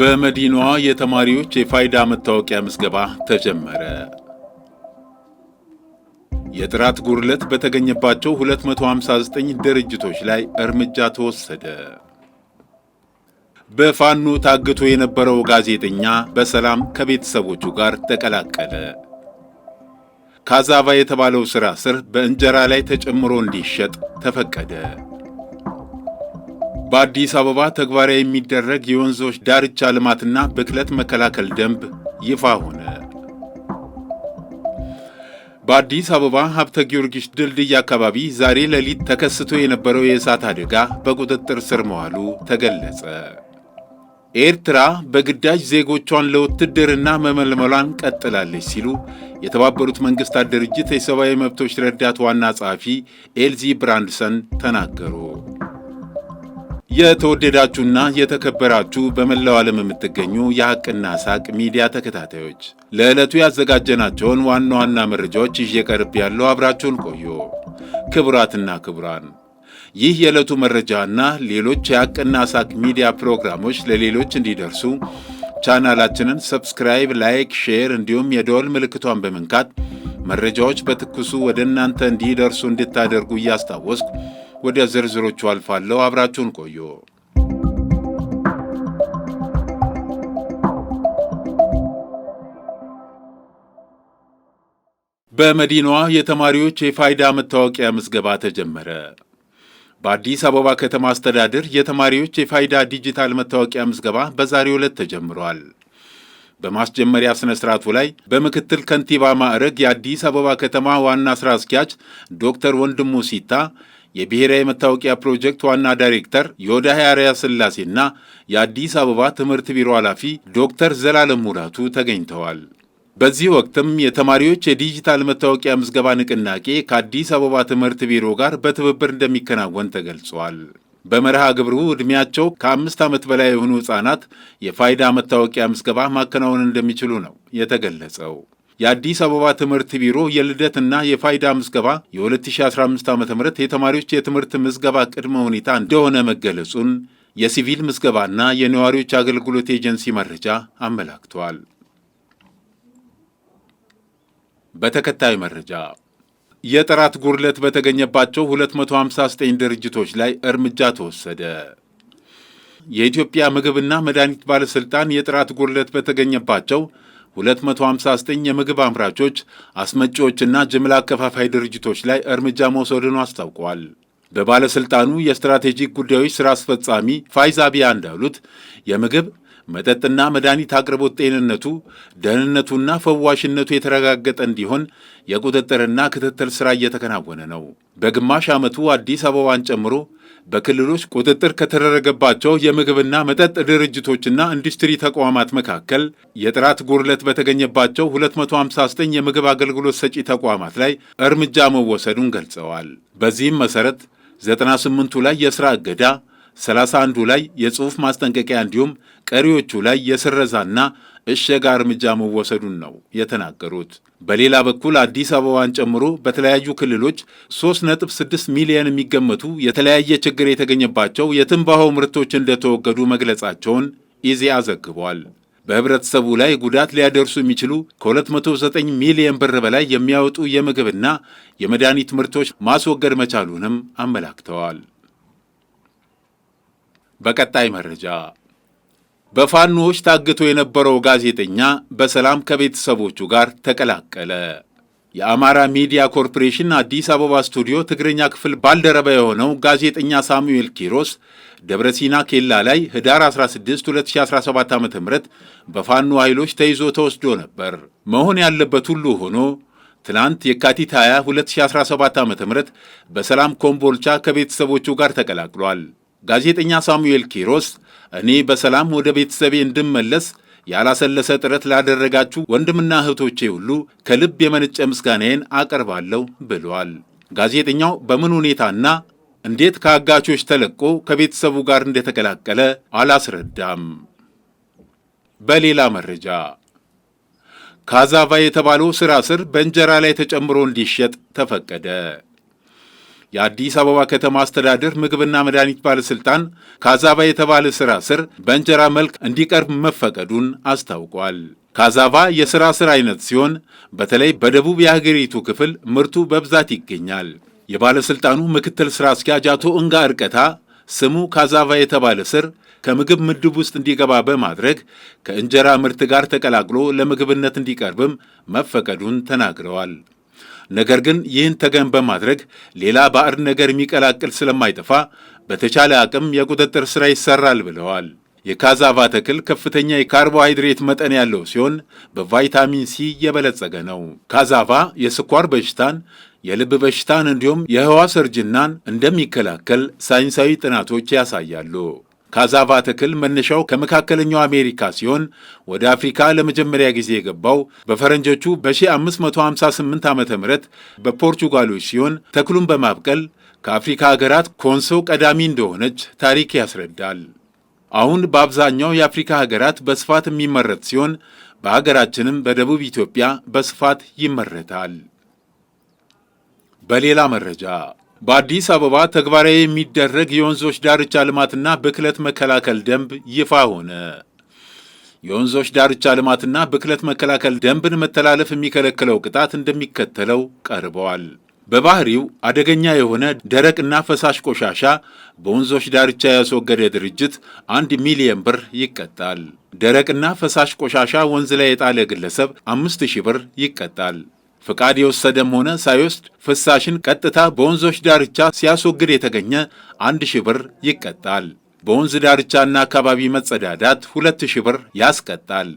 በመዲናዋ የተማሪዎች የፋይዳ መታወቂያ ምዝገባ ተጀመረ። የጥራት ጉድለት በተገኘባቸው 259 ድርጅቶች ላይ እርምጃ ተወሰደ። በፋኖ ታግቶ የነበረው ጋዜጠኛ በሰላም ከቤተሰቦቹ ጋር ተቀላቀለ። ካዛቫ የተባለው ሥራ ስር በእንጀራ ላይ ተጨምሮ እንዲሸጥ ተፈቀደ። በአዲስ አበባ ተግባራዊ የሚደረግ የወንዞች ዳርቻ ልማትና ብክለት መከላከል ደንብ ይፋ ሆነ። በአዲስ አበባ ሀብተ ጊዮርጊስ ድልድይ አካባቢ ዛሬ ሌሊት ተከስቶ የነበረው የእሳት አደጋ በቁጥጥር ስር መዋሉ ተገለጸ። ኤርትራ በግዳጅ ዜጎቿን ለውትድርና መመልመሏን ቀጥላለች ሲሉ የተባበሩት መንግሥታት ድርጅት የሰብአዊ መብቶች ረዳት ዋና ጸሐፊ ኤልዚ ብራንድሰን ተናገሩ። የተወደዳችሁና የተከበራችሁ በመላው ዓለም የምትገኙ የሐቅና ሳቅ ሚዲያ ተከታታዮች ለዕለቱ ያዘጋጀናቸውን ዋና ዋና መረጃዎች ይዤ ቀርብ ያለው አብራችሁን ቆዩ። ክቡራትና ክቡራን ይህ የዕለቱ መረጃና ሌሎች የሐቅና ሳቅ ሚዲያ ፕሮግራሞች ለሌሎች እንዲደርሱ ቻናላችንን ሰብስክራይብ፣ ላይክ፣ ሼር እንዲሁም የደወል ምልክቷን በመንካት መረጃዎች በትኩሱ ወደ እናንተ እንዲደርሱ እንድታደርጉ እያስታወስኩ ወደ ዝርዝሮቹ አልፋለሁ። አብራችሁን ቆዩ። በመዲናዋ የተማሪዎች የፋይዳ መታወቂያ ምዝገባ ተጀመረ። በአዲስ አበባ ከተማ አስተዳደር የተማሪዎች የፋይዳ ዲጂታል መታወቂያ ምዝገባ በዛሬው ዕለት ተጀምሯል። በማስጀመሪያ ሥነ ሥርዓቱ ላይ በምክትል ከንቲባ ማዕረግ የአዲስ አበባ ከተማ ዋና ሥራ አስኪያጅ ዶክተር ወንድሙ ሲታ የብሔራዊ መታወቂያ ፕሮጀክት ዋና ዳይሬክተር ዮዳሄ አርያ ስላሴና የአዲስ አበባ ትምህርት ቢሮ ኃላፊ ዶክተር ዘላለም ሙራቱ ተገኝተዋል። በዚህ ወቅትም የተማሪዎች የዲጂታል መታወቂያ ምዝገባ ንቅናቄ ከአዲስ አበባ ትምህርት ቢሮ ጋር በትብብር እንደሚከናወን ተገልጿል። በመርሃ ግብሩ ዕድሜያቸው ከአምስት ዓመት በላይ የሆኑ ሕፃናት የፋይዳ መታወቂያ ምዝገባ ማከናወን እንደሚችሉ ነው የተገለጸው። የአዲስ አበባ ትምህርት ቢሮ የልደትና የፋይዳ ምዝገባ የ2015 ዓ ም የተማሪዎች የትምህርት ምዝገባ ቅድመ ሁኔታ እንደሆነ መገለጹን የሲቪል ምዝገባና የነዋሪዎች አገልግሎት ኤጀንሲ መረጃ አመላክተዋል። በተከታይ መረጃ የጥራት ጉድለት በተገኘባቸው 259 ድርጅቶች ላይ እርምጃ ተወሰደ። የኢትዮጵያ ምግብና መድኃኒት ባለሥልጣን የጥራት ጉድለት በተገኘባቸው 259 የምግብ አምራቾች፣ አስመጪዎችና ጅምላ አከፋፋይ ድርጅቶች ላይ እርምጃ መውሰዱን አስታውቀዋል። በባለሥልጣኑ የስትራቴጂክ ጉዳዮች ሥራ አስፈጻሚ ፋይዝ አቢያ እንዳሉት የምግብ መጠጥና መድኃኒት አቅርቦት ጤንነቱ፣ ደህንነቱና ፈዋሽነቱ የተረጋገጠ እንዲሆን የቁጥጥርና ክትትል ሥራ እየተከናወነ ነው። በግማሽ ዓመቱ አዲስ አበባን ጨምሮ በክልሎች ቁጥጥር ከተደረገባቸው የምግብና መጠጥ ድርጅቶችና ኢንዱስትሪ ተቋማት መካከል የጥራት ጉድለት በተገኘባቸው 259 የምግብ አገልግሎት ሰጪ ተቋማት ላይ እርምጃ መወሰዱን ገልጸዋል። በዚህም መሠረት 98ቱ ላይ የሥራ እገዳ ሰላሳ አንዱ ላይ የጽሑፍ ማስጠንቀቂያ እንዲሁም ቀሪዎቹ ላይ የስረዛና እሸጋ እርምጃ መወሰዱን ነው የተናገሩት። በሌላ በኩል አዲስ አበባን ጨምሮ በተለያዩ ክልሎች 3.6 ሚሊዮን የሚገመቱ የተለያየ ችግር የተገኘባቸው የትንባሆ ምርቶች እንደተወገዱ መግለጻቸውን ኢዜአ ዘግቧል። በህብረተሰቡ ላይ ጉዳት ሊያደርሱ የሚችሉ ከ209 ሚሊዮን ብር በላይ የሚያወጡ የምግብና የመድኃኒት ምርቶች ማስወገድ መቻሉንም አመላክተዋል። በቀጣይ መረጃ በፋኖዎች ታግቶ የነበረው ጋዜጠኛ በሰላም ከቤተሰቦቹ ጋር ተቀላቀለ። የአማራ ሚዲያ ኮርፖሬሽን አዲስ አበባ ስቱዲዮ ትግረኛ ክፍል ባልደረባ የሆነው ጋዜጠኛ ሳሙኤል ኪሮስ ደብረሲና ኬላ ላይ ህዳር 16 2017 ዓ ም በፋኖ ኃይሎች ተይዞ ተወስዶ ነበር። መሆን ያለበት ሁሉ ሆኖ ትናንት የካቲት 20 2017 ዓ ም በሰላም ኮምቦልቻ ከቤተሰቦቹ ጋር ተቀላቅሏል። ጋዜጠኛ ሳሙኤል ኪሮስ እኔ በሰላም ወደ ቤተሰቤ እንድመለስ ያላሰለሰ ጥረት ላደረጋችሁ ወንድምና እህቶቼ ሁሉ ከልብ የመነጨ ምስጋናዬን አቀርባለሁ ብሏል። ጋዜጠኛው በምን ሁኔታና እንዴት ከአጋቾች ተለቆ ከቤተሰቡ ጋር እንደተቀላቀለ አላስረዳም። በሌላ መረጃ ካዛቫ የተባለው ስራ ስር በእንጀራ ላይ ተጨምሮ እንዲሸጥ ተፈቀደ። የአዲስ አበባ ከተማ አስተዳደር ምግብና መድኃኒት ባለሥልጣን ካዛቫ የተባለ ሥራ ስር በእንጀራ መልክ እንዲቀርብ መፈቀዱን አስታውቋል። ካዛቫ የሥራ ስር አይነት ሲሆን በተለይ በደቡብ የሀገሪቱ ክፍል ምርቱ በብዛት ይገኛል። የባለሥልጣኑ ምክትል ሥራ አስኪያጅ አቶ እንጋ እርቀታ ስሙ ካዛቫ የተባለ ስር ከምግብ ምድብ ውስጥ እንዲገባ በማድረግ ከእንጀራ ምርት ጋር ተቀላቅሎ ለምግብነት እንዲቀርብም መፈቀዱን ተናግረዋል። ነገር ግን ይህን ተገን በማድረግ ሌላ ባዕድ ነገር የሚቀላቅል ስለማይጠፋ በተቻለ አቅም የቁጥጥር ሥራ ይሰራል ብለዋል። የካዛቫ ተክል ከፍተኛ የካርቦሃይድሬት መጠን ያለው ሲሆን በቫይታሚን ሲ የበለጸገ ነው። ካዛቫ የስኳር በሽታን፣ የልብ በሽታን እንዲሁም የህዋ ሰርጅናን እንደሚከላከል ሳይንሳዊ ጥናቶች ያሳያሉ። ካዛቫ ተክል መነሻው ከመካከለኛው አሜሪካ ሲሆን ወደ አፍሪካ ለመጀመሪያ ጊዜ የገባው በፈረንጆቹ በ1558 ዓ ም በፖርቹጋሎች ሲሆን ተክሉን በማብቀል ከአፍሪካ ሀገራት ኮንሶ ቀዳሚ እንደሆነች ታሪክ ያስረዳል። አሁን በአብዛኛው የአፍሪካ ሀገራት በስፋት የሚመረት ሲሆን በሀገራችንም በደቡብ ኢትዮጵያ በስፋት ይመረታል። በሌላ መረጃ በአዲስ አበባ ተግባራዊ የሚደረግ የወንዞች ዳርቻ ልማትና ብክለት መከላከል ደንብ ይፋ ሆነ። የወንዞች ዳርቻ ልማትና ብክለት መከላከል ደንብን መተላለፍ የሚከለክለው ቅጣት እንደሚከተለው ቀርበዋል። በባህሪው አደገኛ የሆነ ደረቅና ፈሳሽ ቆሻሻ በወንዞች ዳርቻ ያስወገደ ድርጅት አንድ ሚሊየን ብር ይቀጣል። ደረቅና ፈሳሽ ቆሻሻ ወንዝ ላይ የጣለ ግለሰብ አምስት ሺህ ብር ይቀጣል። ፈቃድ የወሰደም ሆነ ሳይወስድ ፍሳሽን ቀጥታ በወንዞች ዳርቻ ሲያስወግድ የተገኘ አንድ ሺህ ብር ይቀጣል። በወንዝ ዳርቻና አካባቢ መጸዳዳት ሁለት ሺህ ብር ያስቀጣል።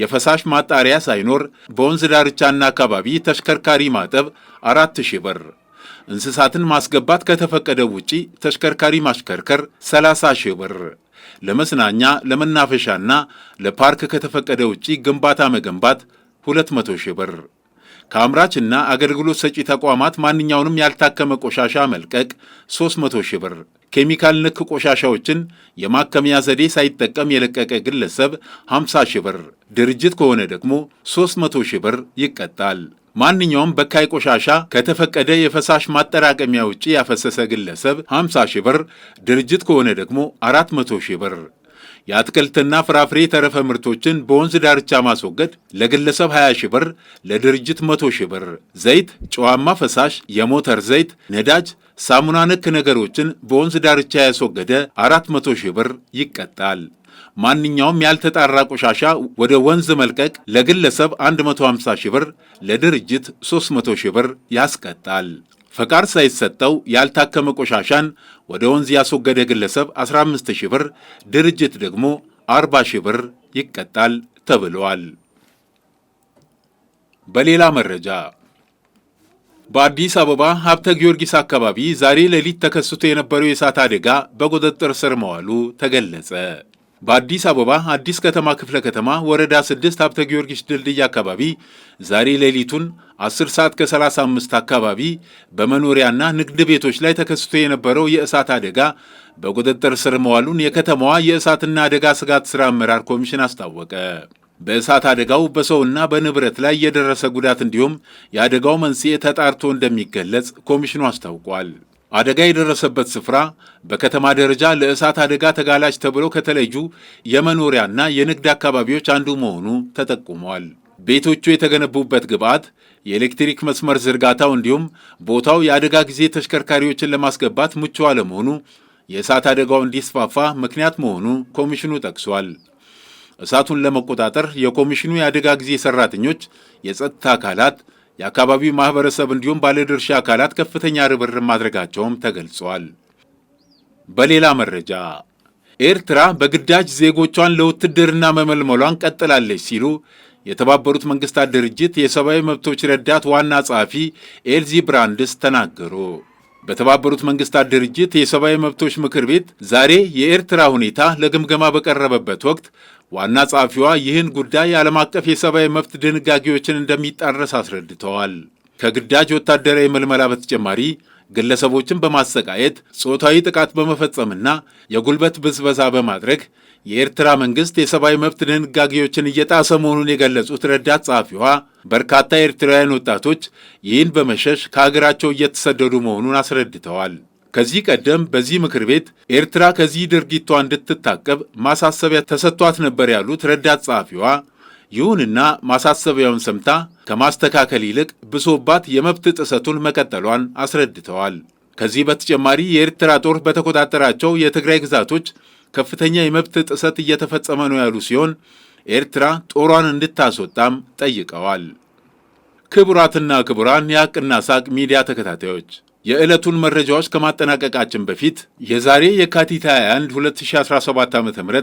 የፈሳሽ ማጣሪያ ሳይኖር በወንዝ ዳርቻና አካባቢ ተሽከርካሪ ማጠብ አራት ሺህ ብር፣ እንስሳትን ማስገባት ከተፈቀደ ውጪ ተሽከርካሪ ማሽከርከር 30 ሺህ ብር፣ ለመዝናኛ ለመናፈሻና ለፓርክ ከተፈቀደ ውጪ ግንባታ መገንባት ሁለት መቶ ሺህ ብር ከአምራች እና አገልግሎት ሰጪ ተቋማት ማንኛውንም ያልታከመ ቆሻሻ መልቀቅ 300 ሺህ ብር፣ ኬሚካል ንክ ቆሻሻዎችን የማከሚያ ዘዴ ሳይጠቀም የለቀቀ ግለሰብ 50 ሺህ ብር፣ ድርጅት ከሆነ ደግሞ 300 ሺህ ብር ይቀጣል። ማንኛውም በካይ ቆሻሻ ከተፈቀደ የፈሳሽ ማጠራቀሚያ ውጪ ያፈሰሰ ግለሰብ 50 ሺህ ብር፣ ድርጅት ከሆነ ደግሞ 400 ሺህ ብር የአትክልትና ፍራፍሬ ተረፈ ምርቶችን በወንዝ ዳርቻ ማስወገድ ለግለሰብ 20 ሺ ብር፣ ለድርጅት 100 ሺ ብር፣ ዘይት፣ ጨዋማ ፈሳሽ፣ የሞተር ዘይት፣ ነዳጅ፣ ሳሙና ነክ ነገሮችን በወንዝ ዳርቻ ያስወገደ 400 ሺ ብር ይቀጣል። ማንኛውም ያልተጣራ ቆሻሻ ወደ ወንዝ መልቀቅ ለግለሰብ 150 ሺ ብር፣ ለድርጅት 300 ሺ ብር ያስቀጣል። ፈቃድ ሳይሰጠው ያልታከመ ቆሻሻን ወደ ወንዝ ያስወገደ ግለሰብ 15 ሺህ ብር፣ ድርጅት ደግሞ 40 ሺህ ብር ይቀጣል ተብለዋል። በሌላ መረጃ በአዲስ አበባ ሀብተ ጊዮርጊስ አካባቢ ዛሬ ሌሊት ተከስቶ የነበረው የእሳት አደጋ በቁጥጥር ስር መዋሉ ተገለጸ። በአዲስ አበባ አዲስ ከተማ ክፍለ ከተማ ወረዳ 6 ሀብተ ጊዮርጊስ ድልድይ አካባቢ ዛሬ ሌሊቱን 10 ሰዓት ከ35 አካባቢ በመኖሪያና ንግድ ቤቶች ላይ ተከስቶ የነበረው የእሳት አደጋ በቁጥጥር ስር መዋሉን የከተማዋ የእሳትና አደጋ ስጋት ሥራ አመራር ኮሚሽን አስታወቀ። በእሳት አደጋው በሰውና በንብረት ላይ የደረሰ ጉዳት እንዲሁም የአደጋው መንስኤ ተጣርቶ እንደሚገለጽ ኮሚሽኑ አስታውቋል። አደጋ የደረሰበት ስፍራ በከተማ ደረጃ ለእሳት አደጋ ተጋላጭ ተብለው ከተለዩ የመኖሪያና የንግድ አካባቢዎች አንዱ መሆኑ ተጠቁመዋል። ቤቶቹ የተገነቡበት ግብዓት፣ የኤሌክትሪክ መስመር ዝርጋታው እንዲሁም ቦታው የአደጋ ጊዜ ተሽከርካሪዎችን ለማስገባት ምቹ አለመሆኑ የእሳት አደጋው እንዲስፋፋ ምክንያት መሆኑ ኮሚሽኑ ጠቅሷል። እሳቱን ለመቆጣጠር የኮሚሽኑ የአደጋ ጊዜ ሰራተኞች፣ የጸጥታ አካላት የአካባቢው ማህበረሰብ እንዲሁም ባለድርሻ አካላት ከፍተኛ ርብርብ ማድረጋቸውም ተገልጿል። በሌላ መረጃ ኤርትራ በግዳጅ ዜጎቿን ለውትድርና መመልመሏን ቀጥላለች ሲሉ የተባበሩት መንግስታት ድርጅት የሰብአዊ መብቶች ረዳት ዋና ጸሐፊ ኤልዚ ብራንድስ ተናገሩ። በተባበሩት መንግስታት ድርጅት የሰብአዊ መብቶች ምክር ቤት ዛሬ የኤርትራ ሁኔታ ለግምገማ በቀረበበት ወቅት ዋና ጸሐፊዋ ይህን ጉዳይ ዓለም አቀፍ የሰብአዊ መብት ድንጋጌዎችን እንደሚጣረስ አስረድተዋል። ከግዳጅ ወታደራዊ መልመላ በተጨማሪ ግለሰቦችን በማሰቃየት ጾታዊ ጥቃት በመፈጸምና የጉልበት ብዝበዛ በማድረግ የኤርትራ መንግስት የሰብአዊ መብት ድንጋጌዎችን እየጣሰ መሆኑን የገለጹት ረዳት ጸሐፊዋ በርካታ ኤርትራውያን ወጣቶች ይህን በመሸሽ ከሀገራቸው እየተሰደዱ መሆኑን አስረድተዋል። ከዚህ ቀደም በዚህ ምክር ቤት ኤርትራ ከዚህ ድርጊቷ እንድትታቀብ ማሳሰቢያ ተሰጥቷት ነበር ያሉት ረዳት ጸሐፊዋ ይሁንና ማሳሰቢያውን ሰምታ ከማስተካከል ይልቅ ብሶባት የመብት ጥሰቱን መቀጠሏን አስረድተዋል። ከዚህ በተጨማሪ የኤርትራ ጦር በተቆጣጠራቸው የትግራይ ግዛቶች ከፍተኛ የመብት ጥሰት እየተፈጸመ ነው ያሉ ሲሆን ኤርትራ ጦሯን እንድታስወጣም ጠይቀዋል። ክቡራትና ክቡራን የሀቅና ሳቅ ሚዲያ ተከታታዮች የዕለቱን መረጃዎች ከማጠናቀቃችን በፊት የዛሬ የካቲት 21 2017 ዓ ም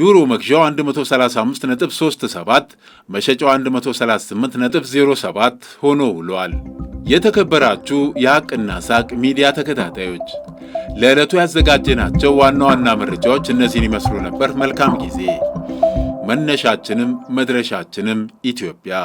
ዩሮ መግዣው 135.37 መሸጫው 138.07 ሆኖ ውሏል። የተከበራችሁ የሐቅና ሳቅ ሚዲያ ተከታታዮች ለዕለቱ ያዘጋጀናቸው ዋና ዋና መረጃዎች እነዚህን ይመስሉ ነበር። መልካም ጊዜ። መነሻችንም መድረሻችንም ኢትዮጵያ።